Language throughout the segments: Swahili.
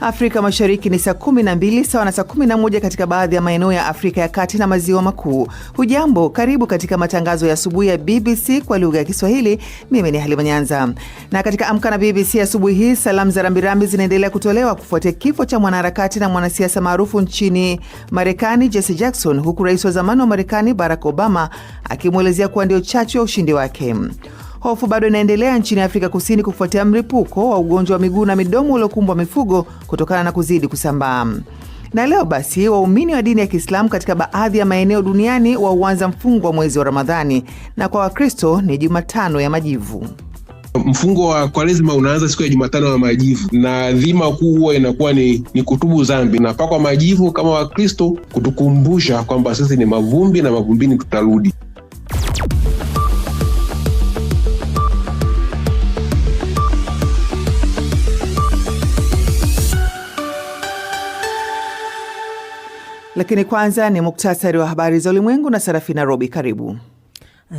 Afrika Mashariki ni saa 12 sawa na saa 11 katika baadhi ya maeneo ya Afrika ya Kati na Maziwa Makuu. Hujambo, karibu katika matangazo ya asubuhi ya BBC kwa lugha ya Kiswahili. Mimi ni Halima Nyanza, na katika Amka na BBC asubuhi hii, salamu za rambirambi zinaendelea kutolewa kufuatia kifo cha mwanaharakati na mwanasiasa maarufu nchini Marekani Jesse Jackson, huku rais wa zamani wa Marekani Barack Obama akimwelezea kuwa ndio chachu ya ushindi wake. Hofu bado inaendelea nchini Afrika Kusini kufuatia mlipuko wa ugonjwa wa miguu na midomo uliokumbwa mifugo kutokana na kuzidi kusambaa. Na leo basi waumini wa dini ya Kiislamu katika baadhi ya maeneo duniani wauanza mfungo wa mwezi wa Ramadhani, na kwa Wakristo ni Jumatano ya Majivu. Mfungo wa Kwaresma unaanza siku ya Jumatano ya Majivu, na dhima kuu huwa inakuwa ni, ni kutubu dhambi na pakwa majivu kama Wakristo, kutukumbusha kwamba sisi ni mavumbi na mavumbini tutarudi. Lakini kwanza ni muktasari wa habari za ulimwengu na Sarafina Robi, karibu.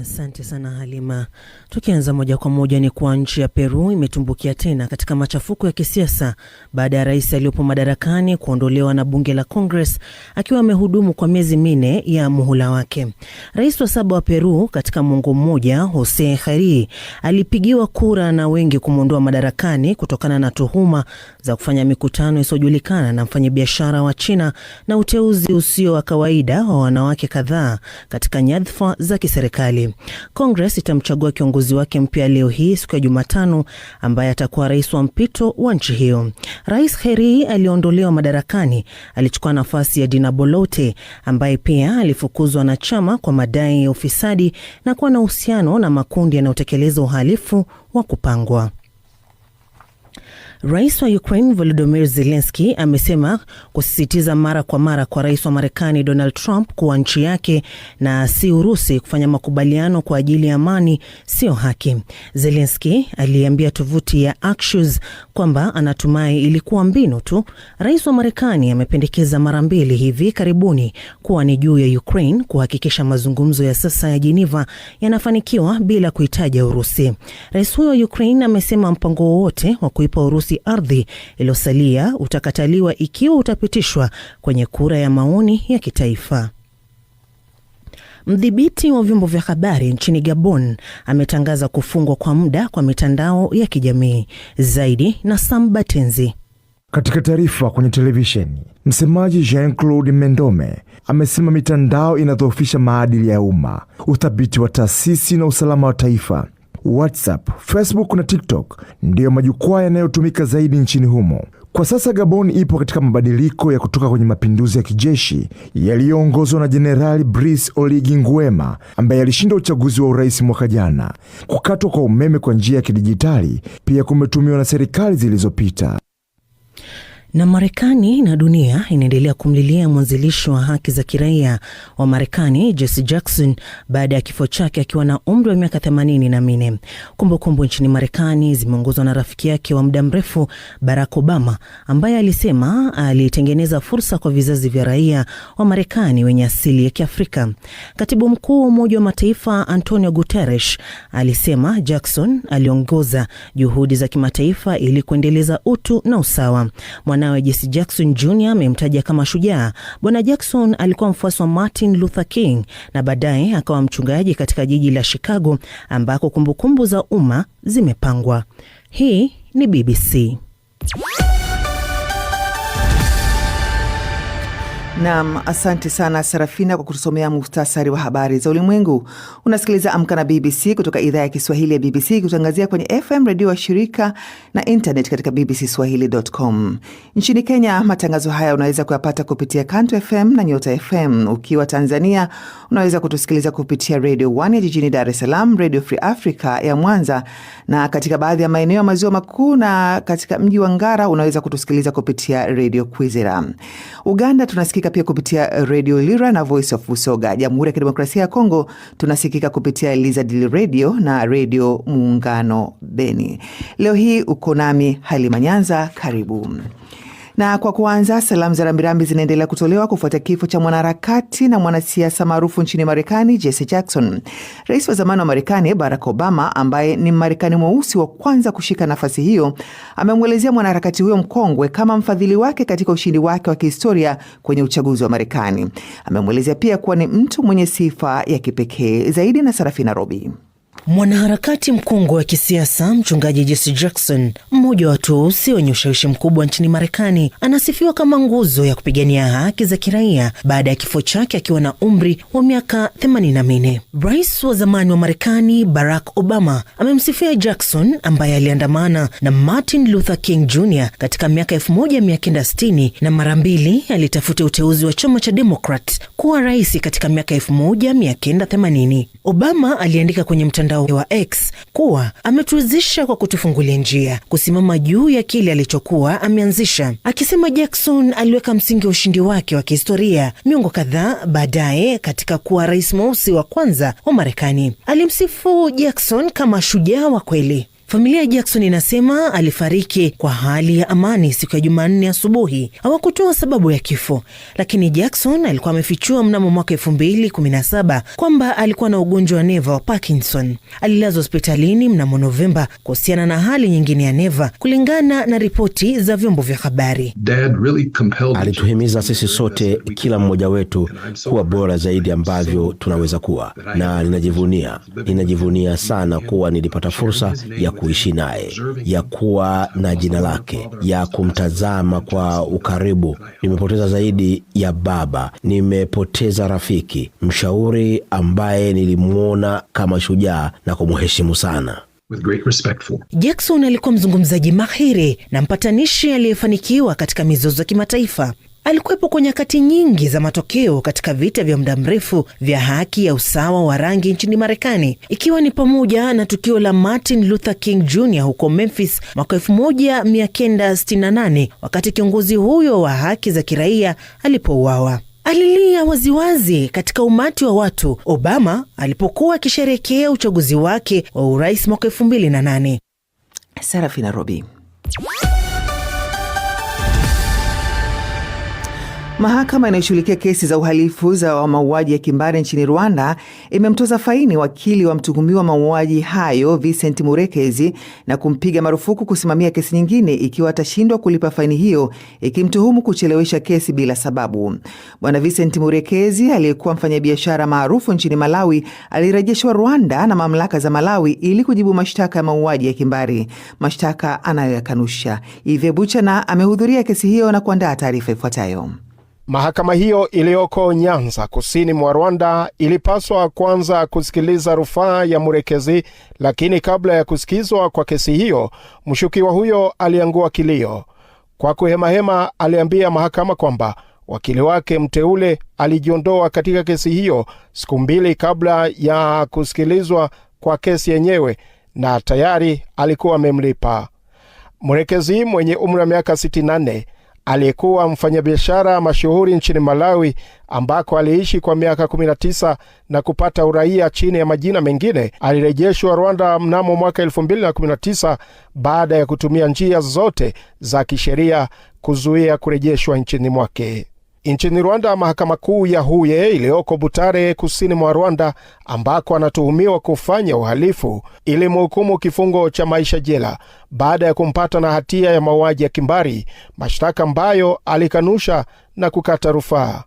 Asante sana Halima. Tukianza moja kwa moja ni kuwa nchi ya Peru imetumbukia tena katika machafuko ya kisiasa baada ya rais aliyopo madarakani kuondolewa na bunge la Congress akiwa amehudumu kwa miezi minne ya muhula wake. Rais wa saba wa Peru katika muongo mmoja, Jose Khari, alipigiwa kura na wengi kumwondoa madarakani kutokana na tuhuma za kufanya mikutano isiyojulikana na mfanyabiashara wa China na uteuzi usio wa kawaida wa wanawake kadhaa katika nyadhifa za kiserikali serikali. Congress itamchagua kiongozi wake mpya leo hii siku ya Jumatano, ambaye atakuwa rais wa mpito wa nchi hiyo. Rais Heri aliondolewa madarakani alichukua nafasi ya Dina Bolote ambaye pia alifukuzwa na chama kwa madai ya ufisadi na kuwa na uhusiano na makundi yanayotekeleza uhalifu wa kupangwa. Rais wa Ukraine Volodymyr Zelensky amesema kusisitiza mara kwa mara kwa rais wa Marekani Donald Trump kuwa nchi yake na si Urusi kufanya makubaliano kwa ajili ya amani sio haki. Zelensky aliambia tovuti ya Axios kwamba anatumai ilikuwa mbinu tu. Rais wa Marekani amependekeza mara mbili hivi karibuni kuwa ni juu ya Ukraine kuhakikisha mazungumzo ya sasa ya Geneva yanafanikiwa bila kuitaja Urusi. Rais huyo wa Ukraine amesema mpango wowote wa kuipa Urusi basi ardhi iliyosalia utakataliwa ikiwa utapitishwa kwenye kura ya maoni ya kitaifa. Mdhibiti wa vyombo vya habari nchini Gabon ametangaza kufungwa kwa muda kwa mitandao ya kijamii zaidi. na Sam Batenzi. Katika taarifa kwenye televisheni, msemaji Jean-Claude Mendome amesema mitandao inadhoofisha maadili ya umma, uthabiti wa taasisi na usalama wa taifa, WhatsApp, Facebook na TikTok ndiyo majukwaa yanayotumika zaidi nchini humo. Kwa sasa Gabon ipo katika mabadiliko ya kutoka kwenye mapinduzi ya kijeshi yaliyoongozwa na Jenerali Brice oligi Nguema ambaye alishinda uchaguzi wa urais mwaka jana. Kukatwa kwa umeme kwa njia ya kidijitali pia kumetumiwa na serikali zilizopita. Na Marekani na dunia inaendelea kumlilia mwanzilishi wa haki za kiraia wa Marekani Jesse Jackson baada ya kifo chake akiwa na umri wa miaka themanini na minne. Kumbukumbu nchini Marekani zimeongozwa na rafiki yake wa muda mrefu Barack Obama ambaye alisema alitengeneza fursa kwa vizazi vya raia wa Marekani wenye asili ya Kiafrika. Katibu mkuu wa Umoja wa Mataifa Antonio Guterres alisema Jackson aliongoza juhudi za kimataifa ili kuendeleza utu na usawa Mwana Mwanawe Jesse Jackson Jr amemtaja kama shujaa. Bwana Jackson alikuwa mfuasi wa Martin Luther King na baadaye akawa mchungaji katika jiji la Chicago ambako kumbukumbu za umma zimepangwa. Hii ni BBC. Nam, asante sana Sarafina kwa kutusomea muhtasari wa habari za ulimwengu. Unasikiliza Amka na BBC kutoka idhaa ya Kiswahili ya BBC kutangazia kwenye FM redio wa shirika na internet katika BBC Swahili.com. Nchini Kenya, matangazo haya unaweza kuyapata kupitia Kanto FM na Nyota FM. Ukiwa Tanzania, unaweza kutusikiliza kupitia Redio 1 ya jijini Dar es Salaam, Redio Free Africa ya Mwanza, na katika baadhi ya maeneo ya maziwa makuu, na katika mji wa Ngara unaweza kutusikiliza kupitia Redio Kwizera. Uganda tunasikika tunasikika pia kupitia eh, redio Lira na Voice of Busoga. Jamhuri ya Kidemokrasia ya Kongo tunasikika kupitia Lizard Radio na redio Muungano Beni. Leo hii uko nami hali manyanza karibu. Na kwa kuanza, salamu za rambirambi zinaendelea kutolewa kufuatia kifo cha mwanaharakati na mwanasiasa maarufu nchini Marekani, Jesse Jackson. Rais wa zamani wa Marekani Barack Obama, ambaye ni Mmarekani mweusi wa kwanza kushika nafasi hiyo, amemwelezea mwanaharakati huyo mkongwe kama mfadhili wake katika ushindi wake wa kihistoria kwenye uchaguzi wa Marekani. Amemwelezea pia kuwa ni mtu mwenye sifa ya kipekee zaidi. Na Sarafina Robi. Mwanaharakati mkongwe wa kisiasa mchungaji Jesse Jackson, mmoja wa watu weusi wenye ushawishi mkubwa nchini Marekani, anasifiwa kama nguzo ya kupigania haki za kiraia baada ya kifo chake akiwa na umri wa miaka 84. Rais wa zamani wa Marekani Barack Obama amemsifia Jackson ambaye aliandamana na Martin Luther King Jr katika miaka 1960 na mara mbili alitafuta uteuzi wa chama cha Demokrat kuwa rais katika miaka 1980. Obama aliandika kwenye mtandao mtandao wa X kuwa ametuwezesha kwa kutufungulia njia kusimama juu ya kile alichokuwa ameanzisha, akisema Jackson aliweka msingi wa ushindi wake wa kihistoria miongo kadhaa baadaye katika kuwa rais mweusi wa kwanza wa Marekani. Alimsifu Jackson kama shujaa wa kweli Familia ya Jackson inasema alifariki kwa hali ya amani siku ya Jumanne asubuhi. Hawakutoa sababu ya kifo, lakini Jackson alikuwa amefichua mnamo mwaka elfu mbili kumi na saba kwamba alikuwa na ugonjwa wa neva wa Parkinson. Alilazwa hospitalini mnamo Novemba kuhusiana na hali nyingine ya neva, kulingana na ripoti za vyombo vya habari. Really alituhimiza sisi sote, kila mmoja wetu kuwa bora zaidi ambavyo tunaweza kuwa, na ninajivunia ninajivunia sana kuwa nilipata fursa ya kuishi naye, ya kuwa na jina lake, ya kumtazama kwa ukaribu. Nimepoteza zaidi ya baba, nimepoteza rafiki, mshauri ambaye nilimwona kama shujaa na kumheshimu sana. Jackson alikuwa mzungumzaji mahiri na mpatanishi aliyefanikiwa katika mizozo ya kimataifa alikuwepo kwa nyakati nyingi za matokeo katika vita vya muda mrefu vya haki ya usawa wa rangi nchini Marekani, ikiwa ni pamoja na tukio la Martin Luther King Jr huko Memphis mwaka 1968 wakati kiongozi huyo wa haki za kiraia alipouawa. Alilia waziwazi katika umati wa watu Obama alipokuwa akisherekea uchaguzi wake wa urais mwaka 2008. Sarafina Robi Mahakama inayoshughulikia kesi za uhalifu za mauaji ya kimbari nchini Rwanda imemtoza faini wakili wa mtuhumiwa mauaji hayo Vincent Murekezi na kumpiga marufuku kusimamia kesi nyingine ikiwa atashindwa kulipa faini hiyo, ikimtuhumu kuchelewesha kesi bila sababu. Bwana Vincent Murekezi aliyekuwa mfanyabiashara maarufu nchini Malawi alirejeshwa Rwanda na mamlaka za Malawi ili kujibu mashtaka ya mauaji ya kimbari, mashtaka anayoyakanusha. Ivye Buchana amehudhuria kesi hiyo na kuandaa taarifa ifuatayo. Mahakama hiyo iliyoko Nyanza, kusini mwa Rwanda, ilipaswa kwanza kusikiliza rufaa ya Murekezi, lakini kabla ya kusikizwa kwa kesi hiyo, mshukiwa huyo aliangua kilio. Kwa kuhemahema, aliambia mahakama kwamba wakili wake mteule alijiondoa katika kesi hiyo siku mbili kabla ya kusikilizwa kwa kesi yenyewe na tayari alikuwa amemlipa Murekezi mwenye umri wa miaka 64 aliyekuwa mfanyabiashara mashuhuri nchini Malawi ambako aliishi kwa miaka 19 na kupata uraia chini ya majina mengine. Alirejeshwa Rwanda mnamo mwaka 2019 baada ya kutumia njia zote za kisheria kuzuia kurejeshwa nchini mwake. Nchini Rwanda, mahakama kuu ya Huye iliyoko Butare, kusini mwa Rwanda, ambako anatuhumiwa kufanya uhalifu, ilimhukumu kifungo cha maisha jela baada ya kumpata na hatia ya mauaji ya kimbari, mashtaka ambayo alikanusha na kukata rufaa.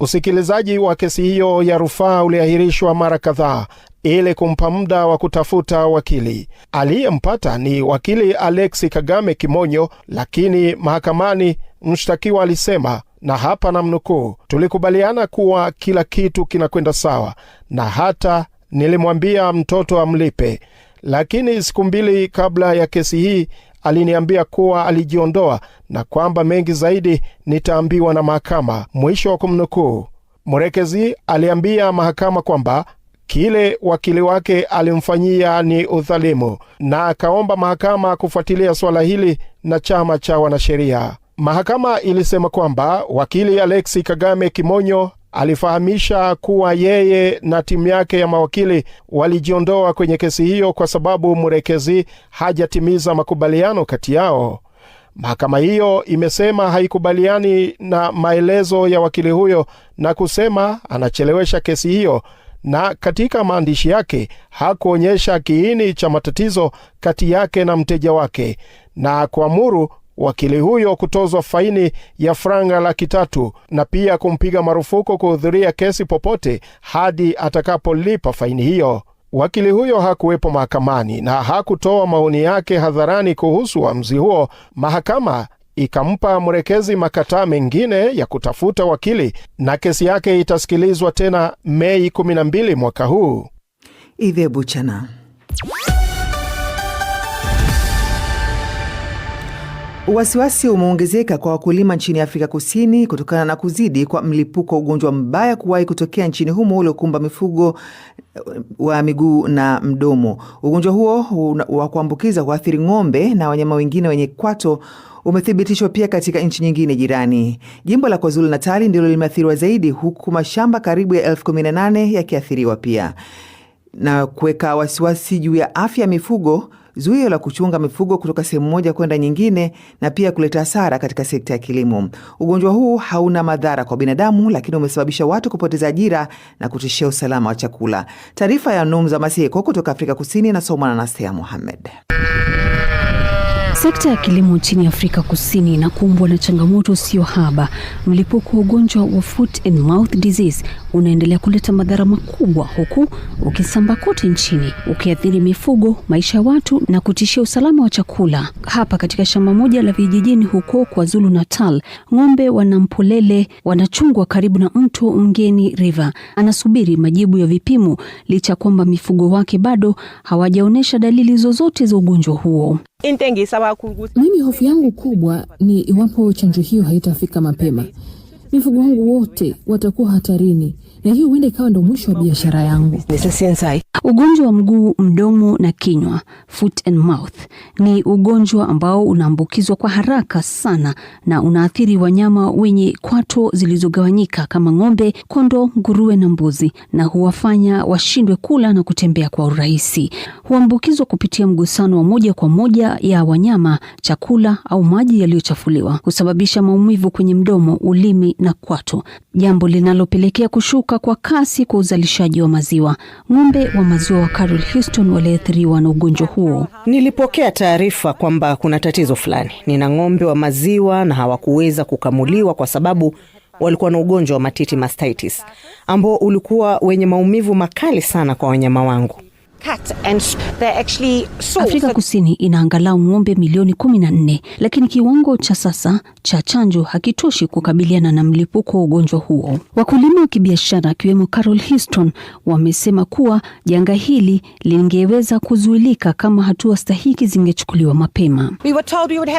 Usikilizaji wa kesi hiyo ya rufaa uliahirishwa mara kadhaa ili kumpa muda wa kutafuta wakili. Aliyempata ni wakili Alexi Kagame Kimonyo, lakini mahakamani mshtakiwa alisema na hapa namnukuu, tulikubaliana kuwa kila kitu kinakwenda sawa, na hata nilimwambia mtoto amlipe, lakini siku mbili kabla ya kesi hii aliniambia kuwa alijiondoa na kwamba mengi zaidi nitaambiwa na mahakama. Mwisho wa kumnukuu. Mrekezi aliambia mahakama kwamba kile wakili wake alimfanyia ni udhalimu na akaomba mahakama kufuatilia suala hili na chama cha wanasheria. Mahakama ilisema kwamba wakili Alexi Kagame Kimonyo alifahamisha kuwa yeye na timu yake ya mawakili walijiondoa kwenye kesi hiyo kwa sababu mrekezi hajatimiza makubaliano kati yao. Mahakama hiyo imesema haikubaliani na maelezo ya wakili huyo na kusema anachelewesha kesi hiyo, na katika maandishi yake hakuonyesha kiini cha matatizo kati yake na mteja wake na kuamuru wakili huyo kutozwa faini ya franga laki tatu na pia kumpiga marufuku kuhudhuria kesi popote hadi atakapolipa faini hiyo. Wakili huyo hakuwepo mahakamani na hakutoa maoni yake hadharani kuhusu uamuzi huo. Mahakama ikampa mrekezi makataa mengine ya kutafuta wakili na kesi yake itasikilizwa tena Mei 12 mwaka huu. Ive Buchana. Wasiwasi umeongezeka kwa wakulima nchini Afrika Kusini kutokana na kuzidi kwa mlipuko wa ugonjwa mbaya kuwahi kutokea nchini humo uliokumba mifugo eh, wa miguu na mdomo. Ugonjwa huo wa kuambukiza huathiri ng'ombe na wanyama wengine wenye kwato umethibitishwa pia katika nchi nyingine jirani. Jimbo la KwaZulu Natali ndilo limeathiriwa zaidi, huku mashamba karibu ya elfu kumi na nane yakiathiriwa pia na kuweka wasiwasi juu ya afya ya mifugo zuio la kuchunga mifugo kutoka sehemu moja kwenda nyingine, na pia kuleta hasara katika sekta ya kilimo. Ugonjwa huu hauna madhara kwa binadamu, lakini umesababisha watu kupoteza ajira na kutishia usalama wa chakula. Taarifa ya Numza Masieko kutoka Afrika Kusini inasomwa na Nasea muhammed Sekta ya kilimo nchini Afrika Kusini inakumbwa na changamoto sio haba. Mlipuko wa ugonjwa wa foot and mouth disease unaendelea kuleta madhara makubwa, huku ukisambaa kote nchini, ukiathiri mifugo, maisha ya watu na kutishia usalama wa chakula. Hapa katika shamba moja la vijijini huko KwaZulu Natal, ng'ombe wanampolele wanachungwa karibu na mto Mgeni River. Anasubiri majibu ya vipimo licha ya kwamba mifugo wake bado hawajaonyesha dalili zozote za ugonjwa huo. Intengisa mimi hofu yangu kubwa ni iwapo chanjo hiyo haitafika mapema, mifugo wangu wote watakuwa hatarini na hiyo huenda ikawa ndo mwisho wa biashara yangu. Ugonjwa wa mguu, mdomo na kinywa, foot and mouth, ni ugonjwa ambao unaambukizwa kwa haraka sana na unaathiri wanyama wenye kwato zilizogawanyika kama ng'ombe, kondoo, nguruwe na mbuzi, na huwafanya washindwe kula na kutembea kwa urahisi. Huambukizwa kupitia mgusano wa moja kwa moja ya wanyama, chakula au maji yaliyochafuliwa. Husababisha maumivu kwenye mdomo, ulimi na kwato, jambo linalopelekea kushuka kushuka kwa kasi kwa uzalishaji wa maziwa. Ng'ombe wa maziwa wa Carol Houston waliathiriwa na ugonjwa huo. Nilipokea taarifa kwamba kuna tatizo fulani, nina ng'ombe wa maziwa na hawakuweza kukamuliwa kwa sababu walikuwa na ugonjwa wa matiti mastitis, ambao ulikuwa wenye maumivu makali sana kwa wanyama wangu. Afrika Kusini ina angalau ng'ombe milioni 14, lakini kiwango cha sasa cha chanjo hakitoshi kukabiliana na mlipuko wa ugonjwa huo. Wakulima wa kibiashara akiwemo Carol Houston wamesema kuwa janga hili lingeweza kuzuilika kama hatua stahiki zingechukuliwa mapema. We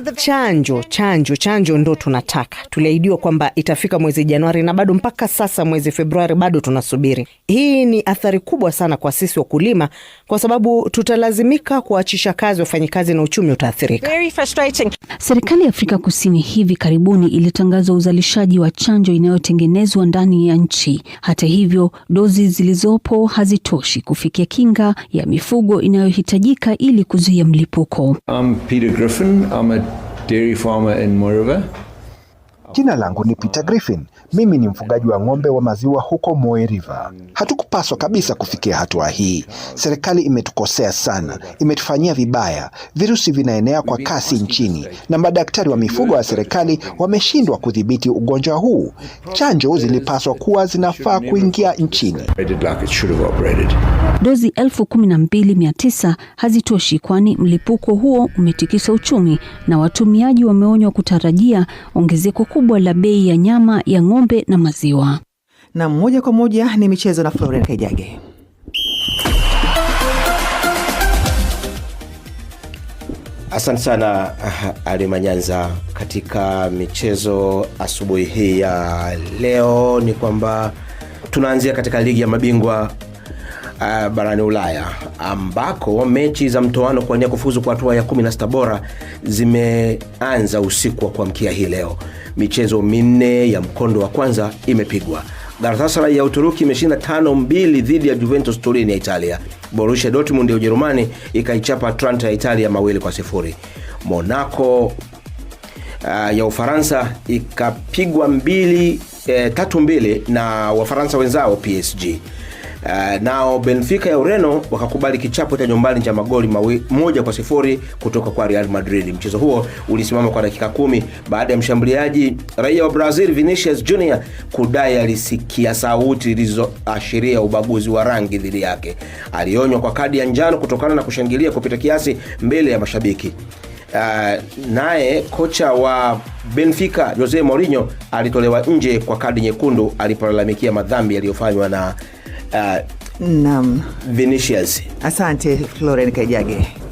the... chanjo chanjo chanjo ndo tunataka, tuliahidiwa kwamba itafika mwezi Januari na bado mpaka sasa mwezi Februari bado tunasubiri. Hii ni athari kubwa sana kwa sisi wakulima kwa sababu tutalazimika kuachisha kazi wafanyikazi na uchumi utaathirika. Serikali ya Afrika Kusini hivi karibuni ilitangaza uzalishaji wa chanjo inayotengenezwa ndani ya nchi. Hata hivyo, dozi zilizopo hazitoshi kufikia kinga ya mifugo inayohitajika ili kuzuia mlipuko. I'm Peter Griffin. I'm a dairy farmer in Jina langu ni Peter Griffin. Mimi ni mfugaji wa ng'ombe wa maziwa huko Moe River. Hatukupaswa kabisa kufikia hatua hii. Serikali imetukosea sana, imetufanyia vibaya. Virusi vinaenea kwa kasi nchini na madaktari wa mifugo wa serikali wameshindwa kudhibiti ugonjwa huu. Chanjo zilipaswa kuwa zinafaa kuingia nchini. Dozi 12900 hazitoshi, kwani mlipuko huo umetikisa uchumi na watumiaji wameonywa kutarajia ongezeko kubwa la bei ya nyama ya ng'ombe na maziwa. Na moja kwa moja ni michezo na Florian Kajage. Asante sana ah, Ali Manyanza. Katika michezo asubuhi hii ya leo, ni kwamba tunaanzia katika ligi ya mabingwa uh, barani Ulaya ambako mechi za mtoano kuania kufuzu kwa hatua ya 16 bora zimeanza usiku wa kuamkia hii leo. Michezo minne ya mkondo wa kwanza imepigwa. Galatasaray ya Uturuki imeshinda tano mbili dhidi ya Juventus Turin ya Italia. Borussia Dortmund ya Ujerumani ikaichapa Atalanta ya Italia mawili kwa sifuri. Monaco uh, ya Ufaransa ikapigwa mbili, eh, tatu mbili na Wafaransa wenzao PSG. Uh, nao Benfica ya Ureno wakakubali kichapo cha nyumbani cha magoli mawe, moja kwa sifuri kutoka kwa Real Madrid. Mchezo huo ulisimama kwa dakika kumi baada ya mshambuliaji raia wa Brazil Vinicius Junior kudai alisikia sauti ilizoashiria ubaguzi wa rangi dhidi yake. Alionywa kwa kadi ya njano kutokana na kushangilia kupita kiasi mbele ya mashabiki. Uh, naye kocha wa Benfica Jose Mourinho alitolewa nje kwa kadi nyekundu alipolalamikia madhambi yaliyofanywa na uh, nam Vinicius. Asante Florence Kaijage.